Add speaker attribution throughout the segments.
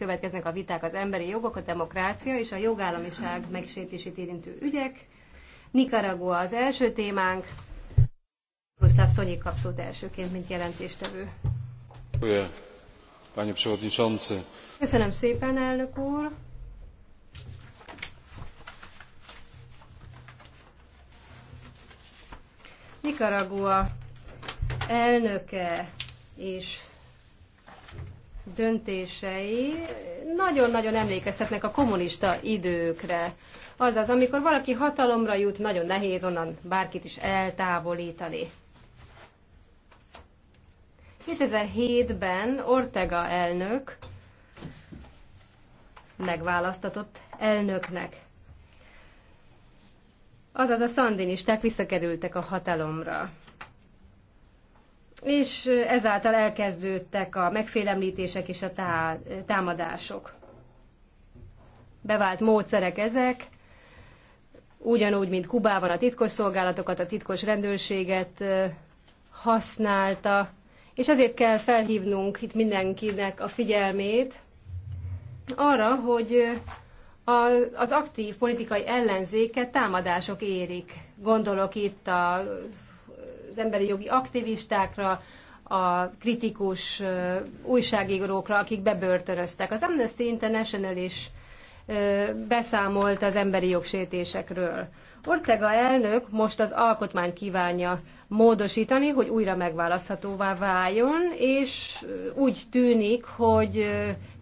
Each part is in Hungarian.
Speaker 1: következnek a viták az emberi jogok, a demokrácia és a jogállamiság megsértését érintő ügyek. Nicaragua az első témánk. Gustav Szonyi kap elsőként, mint jelentéstevő. Köszönöm szépen, elnök úr! Nicaragua elnöke és döntései nagyon-nagyon emlékeztetnek a kommunista időkre. Azaz, amikor valaki hatalomra jut, nagyon nehéz onnan bárkit is eltávolítani. 2007-ben Ortega elnök megválasztatott elnöknek. Azaz a szandinisták visszakerültek a hatalomra és ezáltal elkezdődtek a megfélemlítések és a tá támadások. Bevált módszerek ezek, ugyanúgy, mint Kubában a titkos szolgálatokat, a titkos rendőrséget használta, és ezért kell felhívnunk itt mindenkinek a figyelmét arra, hogy az aktív politikai ellenzéket támadások érik. Gondolok itt a emberi jogi aktivistákra, a kritikus újságírókra, akik bebörtöröztek. Az Amnesty International is beszámolt az emberi jogsértésekről. Ortega elnök most az alkotmány kívánja módosítani, hogy újra megválaszthatóvá váljon, és úgy tűnik, hogy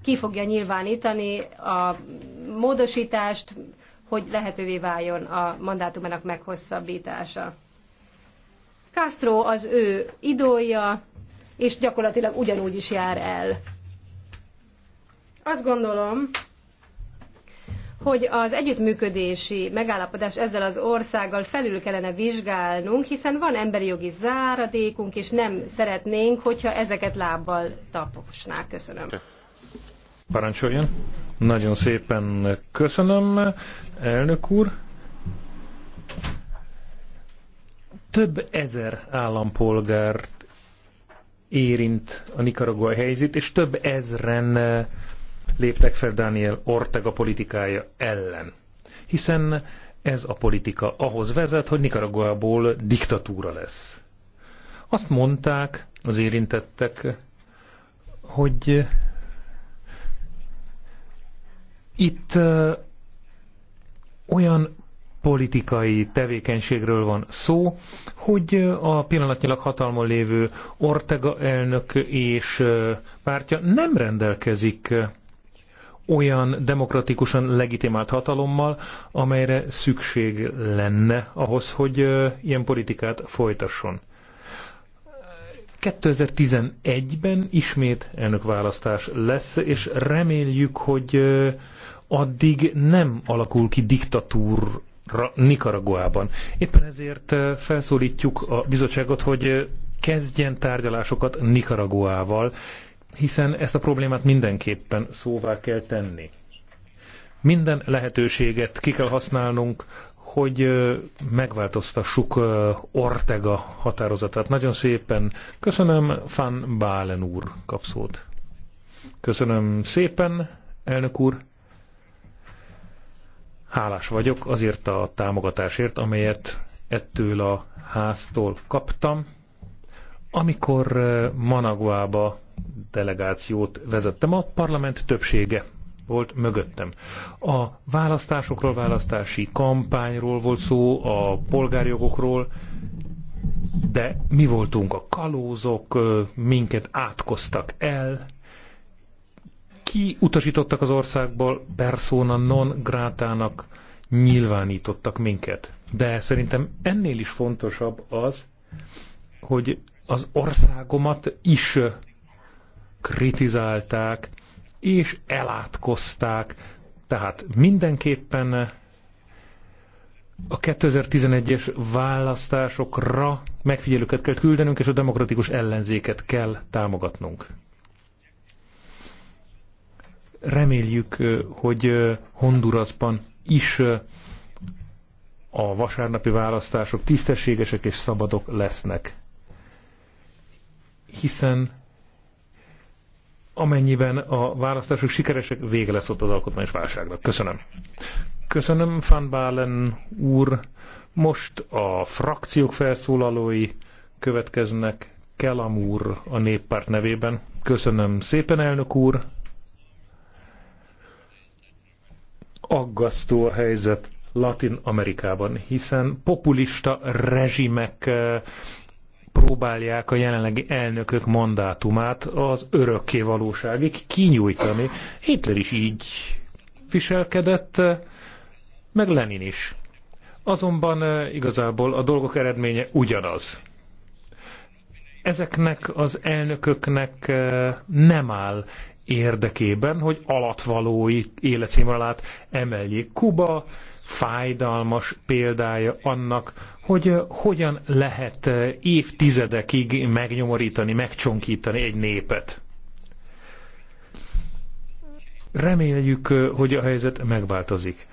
Speaker 1: ki fogja nyilvánítani a módosítást, hogy lehetővé váljon a mandátumának meghosszabbítása. Castro az ő idója, és gyakorlatilag ugyanúgy is jár el. Azt gondolom, hogy az együttműködési megállapodás ezzel az országgal felül kellene vizsgálnunk, hiszen van emberi jogi záradékunk, és nem szeretnénk, hogyha ezeket lábbal taposnák. Köszönöm.
Speaker 2: Parancsoljon. Nagyon szépen köszönöm, elnök úr. Több ezer állampolgárt érint a Nikaragua helyzet, és több ezren eh, léptek fel Daniel Ortega politikája ellen. Hiszen ez a politika ahhoz vezet, hogy Nicaraguából diktatúra lesz. Azt mondták az érintettek, hogy eh, itt eh, olyan politikai tevékenységről van szó, hogy a pillanatnyilag hatalmon lévő Ortega elnök és pártja nem rendelkezik olyan demokratikusan legitimált hatalommal, amelyre szükség lenne ahhoz, hogy ilyen politikát folytasson. 2011-ben ismét elnökválasztás lesz, és reméljük, hogy addig nem alakul ki diktatúr Nikaraguában. Éppen ezért felszólítjuk a bizottságot, hogy kezdjen tárgyalásokat Nikaraguával, hiszen ezt a problémát mindenképpen szóvá kell tenni. Minden lehetőséget ki kell használnunk, hogy megváltoztassuk Ortega határozatát. Nagyon szépen köszönöm, Fan Bálen úr kapszót. Köszönöm szépen, elnök úr. Hálás vagyok azért a támogatásért, amelyet ettől a háztól kaptam. Amikor Managuába delegációt vezettem, a parlament többsége volt mögöttem. A választásokról, választási kampányról volt szó, a polgárjogokról, de mi voltunk a kalózok, minket átkoztak el, kiutasítottak az országból, persona non grátának nyilvánítottak minket. De szerintem ennél is fontosabb az, hogy az országomat is kritizálták, és elátkozták. Tehát mindenképpen a 2011-es választásokra megfigyelőket kell küldenünk, és a demokratikus ellenzéket kell támogatnunk. Reméljük, hogy Hondurasban is a vasárnapi választások tisztességesek és szabadok lesznek. Hiszen amennyiben a választások sikeresek, vége lesz ott az alkotmányos válságnak. Köszönöm. Köszönöm, Van Balen úr. Most a frakciók felszólalói következnek. Kelam úr a néppárt nevében. Köszönöm szépen, elnök úr. aggasztó a helyzet Latin Amerikában, hiszen populista rezsimek eh, próbálják a jelenlegi elnökök mandátumát az örökké valóságig kinyújtani. Hitler is így viselkedett, meg Lenin is. Azonban eh, igazából a dolgok eredménye ugyanaz. Ezeknek az elnököknek eh, nem áll érdekében, hogy alatvalói életszínvonalát emeljék. Kuba fájdalmas példája annak, hogy eh, hogyan lehet eh, évtizedekig megnyomorítani, megcsonkítani egy népet. Reméljük, eh, hogy a helyzet megváltozik.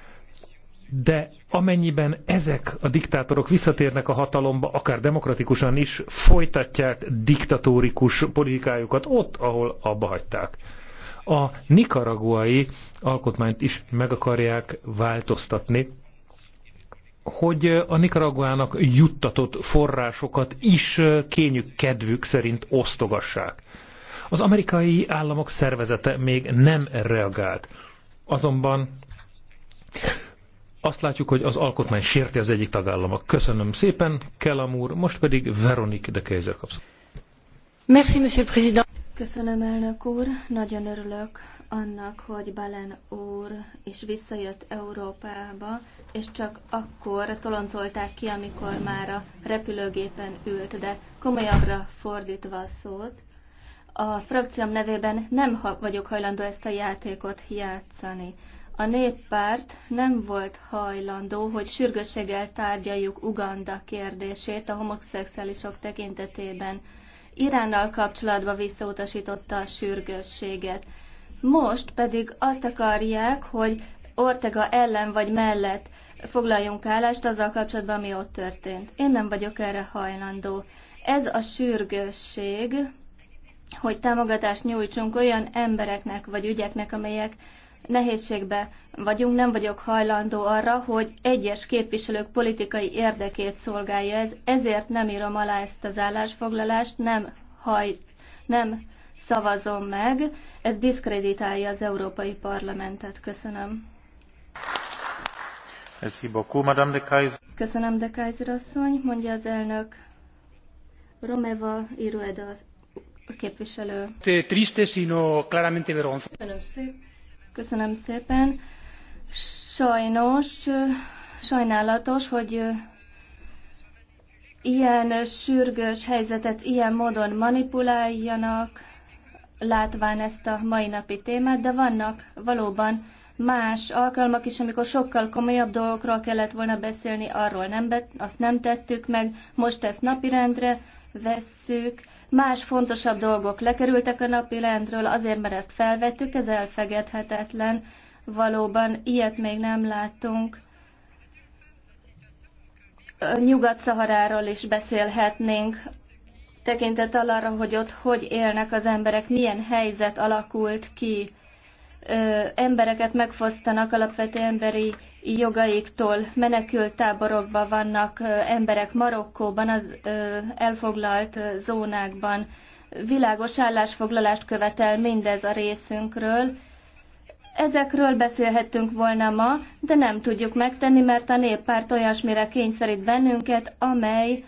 Speaker 2: De amennyiben ezek a diktátorok visszatérnek a hatalomba, akár demokratikusan is, folytatják diktatórikus politikájukat ott, ahol abba hagyták a nikaraguai alkotmányt is meg akarják változtatni, hogy a Nikaraguának juttatott forrásokat is kényük kedvük szerint osztogassák. Az amerikai államok szervezete még nem reagált. Azonban azt látjuk, hogy az alkotmány sérti az egyik tagállamok. Köszönöm szépen, Kelamúr, most pedig Veronik de Kaiser kapsz.
Speaker 1: Merci,
Speaker 3: monsieur le président. Köszönöm, elnök úr. Nagyon örülök annak, hogy Balen úr is visszajött Európába, és csak akkor toloncolták ki, amikor már a repülőgépen ült, de komolyabbra fordítva a szót. A frakcióm nevében nem vagyok hajlandó ezt a játékot játszani. A néppárt nem volt hajlandó, hogy sürgősséggel tárgyaljuk Uganda kérdését a homoszexuálisok tekintetében. Iránnal kapcsolatban visszautasította a sürgősséget. Most pedig azt akarják, hogy Ortega ellen vagy mellett foglaljunk állást azzal kapcsolatban, ami ott történt. Én nem vagyok erre hajlandó. Ez a sürgősség, hogy támogatást nyújtsunk olyan embereknek vagy ügyeknek, amelyek nehézségbe vagyunk, nem vagyok hajlandó arra, hogy egyes képviselők politikai érdekét szolgálja ez, ezért nem írom alá ezt az állásfoglalást, nem, haj, nem szavazom meg, ez diszkreditálja az Európai Parlamentet. Köszönöm. Köszönöm, de Kaiser asszony, mondja az elnök. Romeva Irueda képviselő.
Speaker 2: Triste, sino claramente vergonzoso. Köszönöm szépen.
Speaker 3: Köszönöm szépen. Sajnos, sajnálatos, hogy ilyen sürgős helyzetet ilyen módon manipuláljanak, látván ezt a mai napi témát, de vannak valóban más alkalmak is, amikor sokkal komolyabb dolgokról kellett volna beszélni, arról nem azt nem tettük meg, most ezt napirendre vesszük, Más fontosabb dolgok lekerültek a napi rendről, azért, mert ezt felvettük, ez elfegedhetetlen. Valóban ilyet még nem láttunk. Nyugat-Szaharáról is beszélhetnénk, tekintet arra, hogy ott hogy élnek az emberek, milyen helyzet alakult ki. Ö, embereket megfosztanak alapvető emberi jogaiktól menekült táborokban vannak emberek Marokkóban, az elfoglalt zónákban. Világos állásfoglalást követel mindez a részünkről. Ezekről beszélhettünk volna ma, de nem tudjuk megtenni, mert a néppárt olyasmire kényszerít bennünket, amely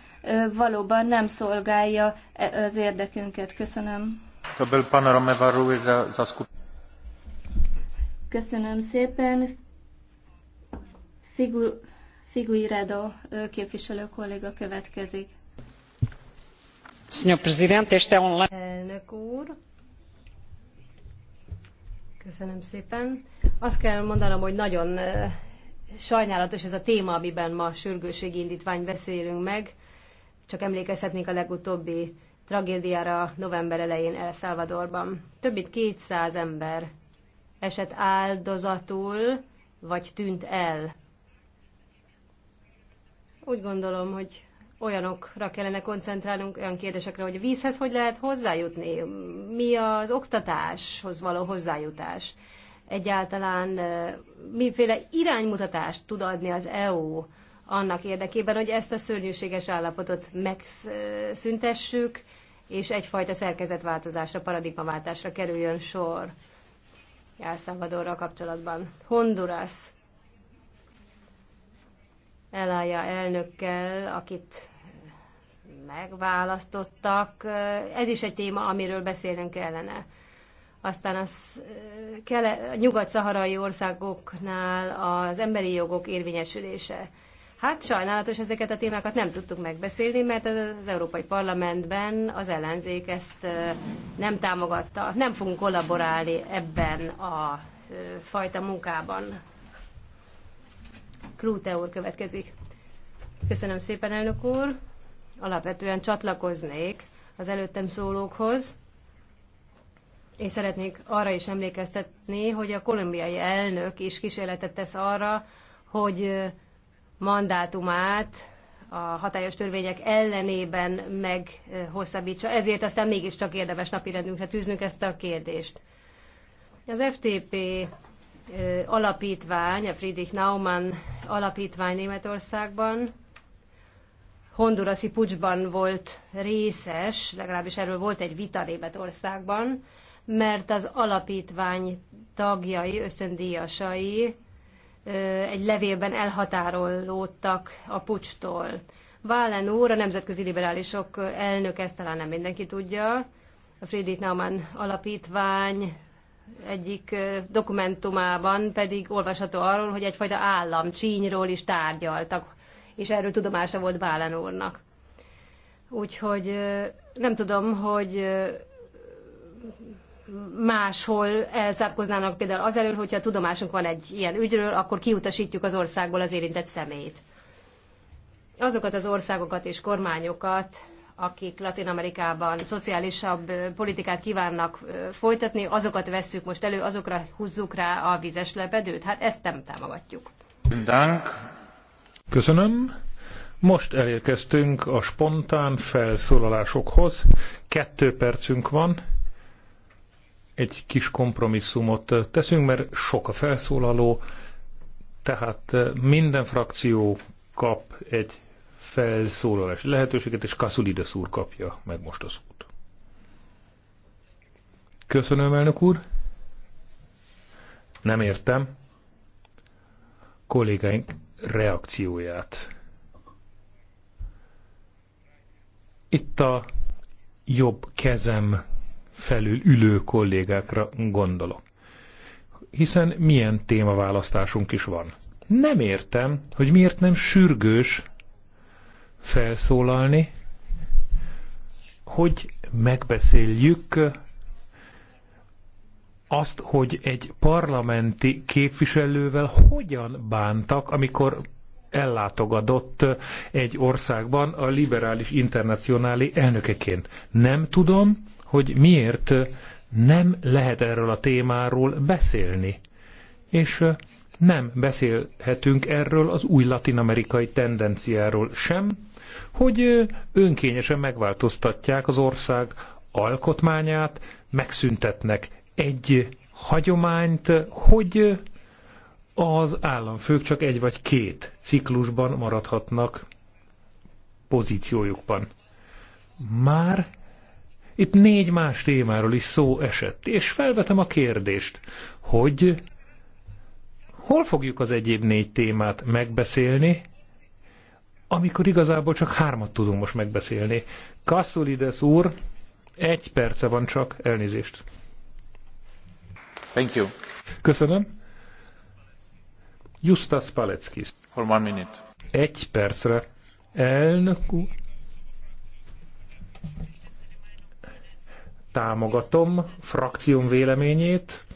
Speaker 3: valóban nem szolgálja az érdekünket. Köszönöm. Köszönöm szépen. Figu, Figuiredo képviselő kolléga következik.
Speaker 1: Signor Presidente, este online. Elnök úr, köszönöm szépen. Azt kell mondanom, hogy nagyon sajnálatos ez a téma, amiben ma sürgőségi indítvány beszélünk meg. Csak emlékezhetnék a legutóbbi tragédiára november elején El Salvadorban. Több mint 200 ember esett áldozatul, vagy tűnt el úgy gondolom, hogy olyanokra kellene koncentrálnunk, olyan kérdésekre, hogy a vízhez hogy lehet hozzájutni, mi az oktatáshoz való hozzájutás, egyáltalán miféle iránymutatást tud adni az EU annak érdekében, hogy ezt a szörnyűséges állapotot megszüntessük, és egyfajta szerkezetváltozásra, paradigmaváltásra kerüljön sor El Salvadorral kapcsolatban. Honduras Elája elnökkel, akit megválasztottak. Ez is egy téma, amiről beszélnünk kellene. Aztán az, eh, kele, a nyugat-szaharai országoknál az emberi jogok érvényesülése. Hát sajnálatos ezeket a témákat nem tudtuk megbeszélni, mert az Európai Parlamentben az ellenzék ezt eh, nem támogatta. Nem fogunk kollaborálni ebben a eh, fajta munkában. Klúte úr következik. Köszönöm szépen, elnök úr. Alapvetően csatlakoznék az előttem szólókhoz, és szeretnék arra is emlékeztetni, hogy a kolumbiai elnök is kísérletet tesz arra, hogy mandátumát a hatályos törvények ellenében meghosszabbítsa. Ezért aztán mégiscsak érdemes napirendünkre tűznünk ezt a kérdést. Az FTP alapítvány, a Friedrich Naumann alapítvány Németországban hondurasi pucsban volt részes, legalábbis erről volt egy vita Németországban, mert az alapítvány tagjai, összöndíjasai egy levélben elhatárolódtak a pucstól. Wallen úr, a nemzetközi liberálisok elnök, ezt talán nem mindenki tudja, a Friedrich Naumann alapítvány egyik dokumentumában pedig olvasható arról, hogy egyfajta állam csínyról is tárgyaltak, és erről tudomása volt Bálen úrnak. Úgyhogy nem tudom, hogy máshol elzárkoznának például az elől, hogyha tudomásunk van egy ilyen ügyről, akkor kiutasítjuk az országból az érintett személyt. Azokat az országokat és kormányokat, akik Latin Amerikában szociálisabb politikát kívánnak folytatni, azokat vesszük most elő, azokra húzzuk rá a vizes lepedőt. Hát ezt nem támogatjuk.
Speaker 2: Köszönöm. Most elérkeztünk a spontán felszólalásokhoz. Kettő percünk van. Egy kis kompromisszumot teszünk, mert sok a felszólaló, tehát minden frakció kap egy felszólalási lehetőséget, és Kasulides úr kapja meg most a szót. Köszönöm, elnök úr. Nem értem kollégáink reakcióját. Itt a jobb kezem felül ülő kollégákra gondolok. Hiszen milyen témaválasztásunk is van. Nem értem, hogy miért nem sürgős felszólalni, hogy megbeszéljük azt, hogy egy parlamenti képviselővel hogyan bántak, amikor ellátogatott egy országban a liberális internacionáli elnökeként. Nem tudom, hogy miért nem lehet erről a témáról beszélni. És nem beszélhetünk erről az új latinamerikai tendenciáról sem, hogy önkényesen megváltoztatják az ország alkotmányát, megszüntetnek egy hagyományt, hogy az államfők csak egy vagy két ciklusban maradhatnak pozíciójukban. Már itt négy más témáról is szó esett, és felvetem a kérdést, hogy Hol fogjuk az egyéb négy témát megbeszélni, amikor igazából csak hármat tudunk most megbeszélni? Kasszulides úr, egy perce van csak, elnézést. Thank you. Köszönöm. Justas Paleckis. For one minute. Egy percre. Elnök úr. Támogatom frakcióm véleményét,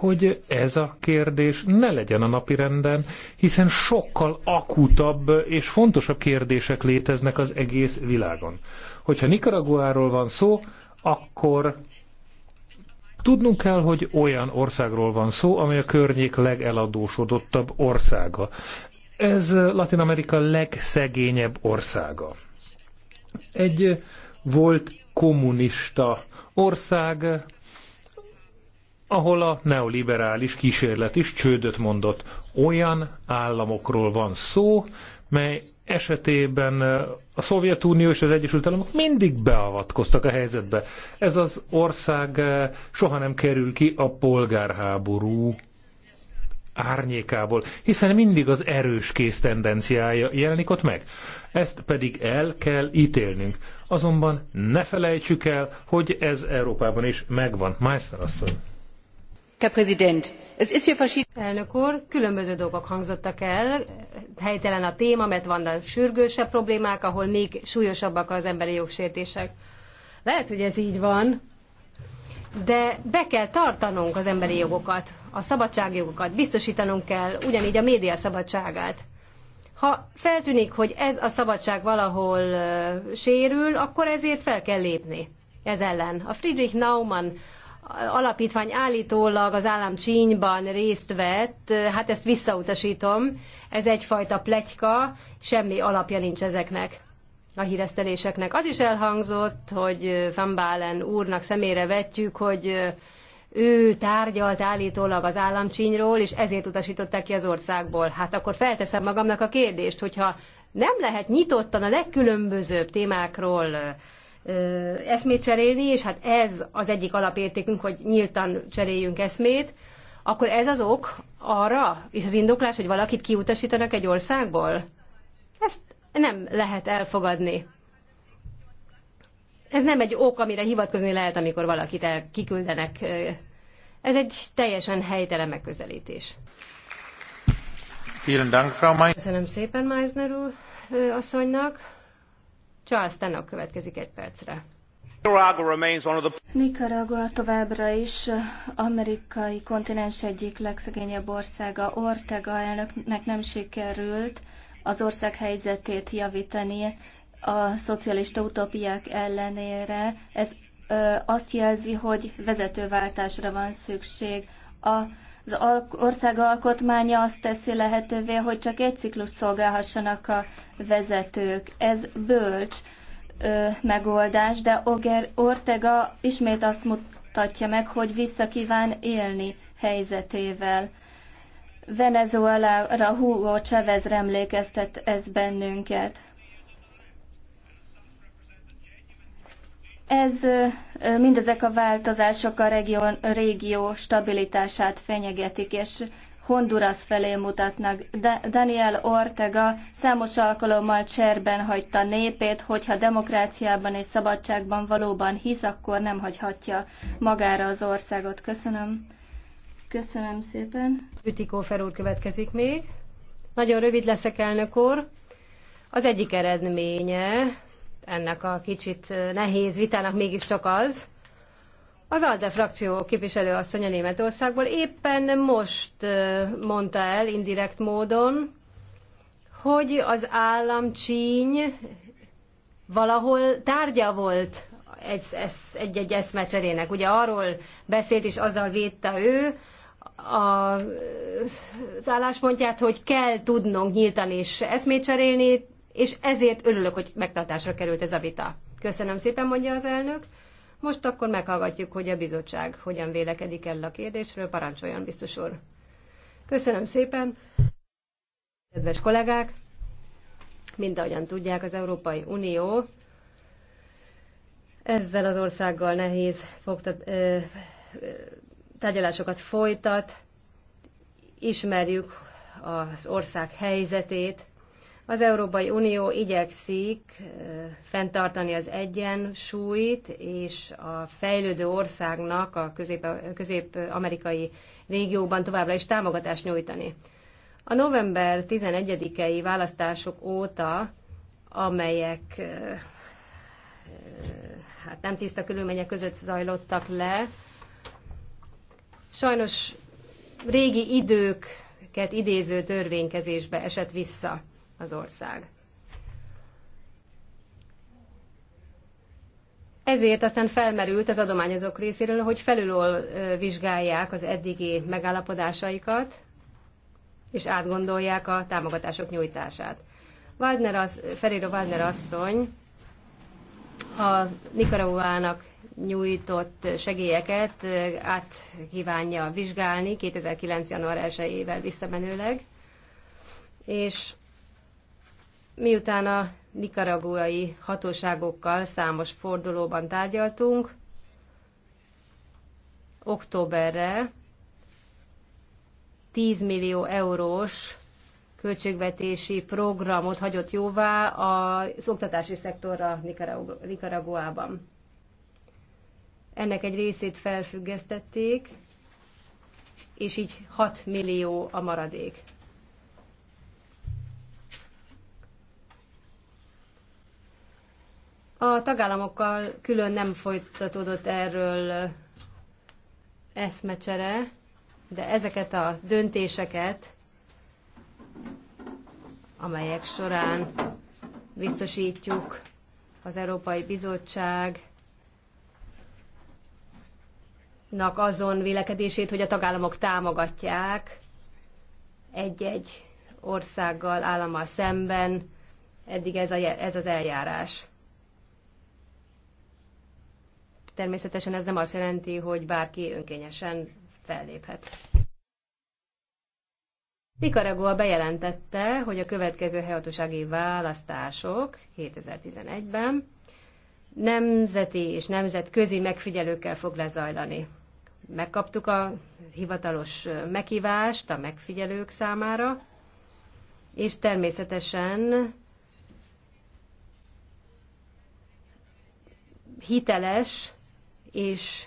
Speaker 2: hogy ez a kérdés ne legyen a napirenden, hiszen sokkal akutabb és fontosabb kérdések léteznek az egész világon. Hogyha Nicaraguáról van szó, akkor tudnunk kell, hogy olyan országról van szó, amely a környék legeladósodottabb országa. Ez Latin Amerika legszegényebb országa. Egy volt kommunista ország, ahol a neoliberális kísérlet is csődöt mondott. Olyan államokról van szó, mely esetében eh, a Szovjetunió és az Egyesült Államok mindig beavatkoztak a helyzetbe. Ez az ország eh, soha nem kerül ki a polgárháború árnyékából, hiszen mindig az erős kész tendenciája jelenik ott meg. Ezt pedig el kell ítélnünk. Azonban ne felejtsük el, hogy ez Európában is megvan. Meister asszony.
Speaker 1: Elnök úr, különböző dolgok hangzottak el, helytelen a téma, mert vannak sürgősebb problémák, ahol még súlyosabbak az emberi jogsértések. Lehet, hogy ez így van, de be kell tartanunk az emberi jogokat, a szabadságjogokat, biztosítanunk kell, ugyanígy a média szabadságát. Ha feltűnik, hogy ez a szabadság valahol uh, sérül, akkor ezért fel kell lépni. Ez ellen. A Friedrich Naumann alapítvány állítólag az állam csínyban részt vett, hát ezt visszautasítom, ez egyfajta pletyka, semmi alapja nincs ezeknek a híreszteléseknek. Az is elhangzott, hogy Van Balen úrnak szemére vetjük, hogy ő tárgyalt állítólag az államcsínyról, és ezért utasították ki az országból. Hát akkor felteszem magamnak a kérdést, hogyha nem lehet nyitottan a legkülönbözőbb témákról eszmét cserélni, és hát ez az egyik alapértékünk, hogy nyíltan cseréljünk eszmét, akkor ez az ok arra, és az indoklás, hogy valakit kiutasítanak egy országból? Ezt nem lehet elfogadni. Ez nem egy ok, amire hivatkozni lehet, amikor valakit el kiküldenek. Ez egy teljesen helytelen megközelítés. Köszönöm szépen Meisner úr asszonynak. Charles Tannock következik egy percre. Nicaragua továbbra is amerikai kontinens egyik
Speaker 3: legszegényebb országa. Ortega elnöknek nem sikerült az ország helyzetét javítani a szocialista utópiák ellenére. Ez ö, azt jelzi, hogy vezetőváltásra van szükség. A az ország alkotmánya azt teszi lehetővé, hogy csak egy ciklus szolgálhassanak a vezetők. Ez bölcs ö, megoldás, de Oger Ortega ismét azt mutatja meg, hogy vissza kíván élni helyzetével. Venezuelára Hugo Chavez emlékeztet ez bennünket. Ez mindezek a változások a régió, régió stabilitását fenyegetik, és Honduras felé mutatnak. De Daniel Ortega számos alkalommal cserben hagyta népét, hogyha demokráciában és szabadságban valóban hisz, akkor nem hagyhatja magára az országot. Köszönöm. Köszönöm szépen.
Speaker 1: Ütikó Ferúr következik még. Nagyon rövid leszek, elnök úr. Az egyik eredménye ennek a kicsit nehéz vitának mégiscsak az. Az ALDE frakció képviselő asszonya Németországból éppen most mondta el indirekt módon, hogy az államcsíny valahol tárgya volt egy-egy eszmecserének. Ugye arról beszélt és azzal védte ő a, az álláspontját, hogy kell tudnunk nyíltan és eszmét cserélni, és ezért örülök, hogy megtartásra került ez a vita. Köszönöm szépen, mondja az elnök. Most akkor meghallgatjuk, hogy a bizottság hogyan vélekedik el a kérdésről. Parancsoljon, biztos úr. Köszönöm szépen. Kedves kollégák, mint ahogyan tudják, az Európai Unió ezzel az országgal nehéz fogtat, ö, ö, tárgyalásokat folytat, ismerjük az ország helyzetét, az Európai Unió igyekszik fenntartani az egyensúlyt, és a fejlődő országnak a közép-amerikai közép régióban továbbra is támogatást nyújtani. A november 11-i választások óta, amelyek hát nem tiszta körülmények között zajlottak le, sajnos régi időket idéző törvénykezésbe esett vissza az ország. Ezért aztán felmerült az adományozók részéről, hogy felülről vizsgálják az eddigi megállapodásaikat, és átgondolják a támogatások nyújtását. Wagner az, Ferrero Wagner asszony a Nicaraguának nyújtott segélyeket át kívánja vizsgálni 2009. január 1-ével visszamenőleg, és Miután a nikaraguai hatóságokkal számos fordulóban tárgyaltunk, októberre 10 millió eurós költségvetési programot hagyott jóvá az oktatási szektorra Nikaraguában. Ennek egy részét felfüggesztették, és így 6 millió a maradék. A tagállamokkal külön nem folytatódott erről eszmecsere, de ezeket a döntéseket, amelyek során biztosítjuk az Európai Bizottság azon vélekedését, hogy a tagállamok támogatják egy-egy országgal, állammal szemben eddig ez, a, ez az eljárás. Természetesen ez nem azt jelenti, hogy bárki önkényesen felléphet. Nicaragua bejelentette, hogy a következő helyhatósági választások 2011-ben nemzeti és nemzetközi megfigyelőkkel fog lezajlani. Megkaptuk a hivatalos meghívást a megfigyelők számára, és természetesen hiteles és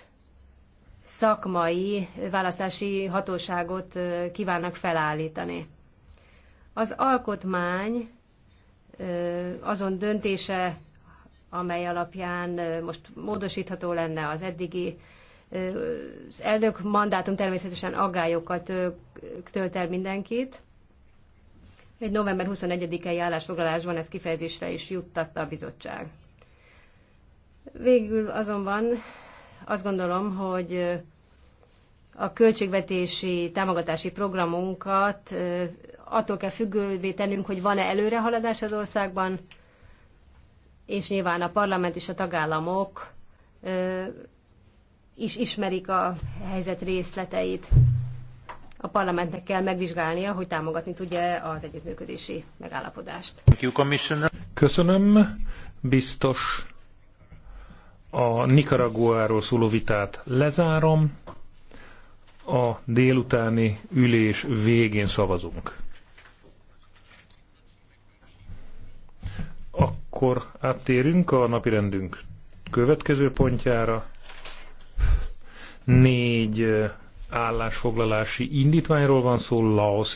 Speaker 1: szakmai választási hatóságot kívánnak felállítani. Az alkotmány azon döntése, amely alapján most módosítható lenne az eddigi az elnök mandátum természetesen aggályokat tölt el mindenkit. Egy november 21-i állásfoglalásban ez kifejezésre is juttatta a bizottság. Végül azonban azt gondolom, hogy a költségvetési támogatási programunkat attól kell függővé tennünk, hogy van-e előrehaladás az országban, és nyilván a parlament és a tagállamok is ismerik a helyzet részleteit. A parlamentnek kell megvizsgálnia, hogy támogatni tudja az együttműködési megállapodást.
Speaker 2: Köszönöm, biztos a Nicaraguáról szóló vitát lezárom. A délutáni ülés végén szavazunk. Akkor áttérünk a napirendünk következő pontjára. Négy eh, állásfoglalási indítványról van szó Laos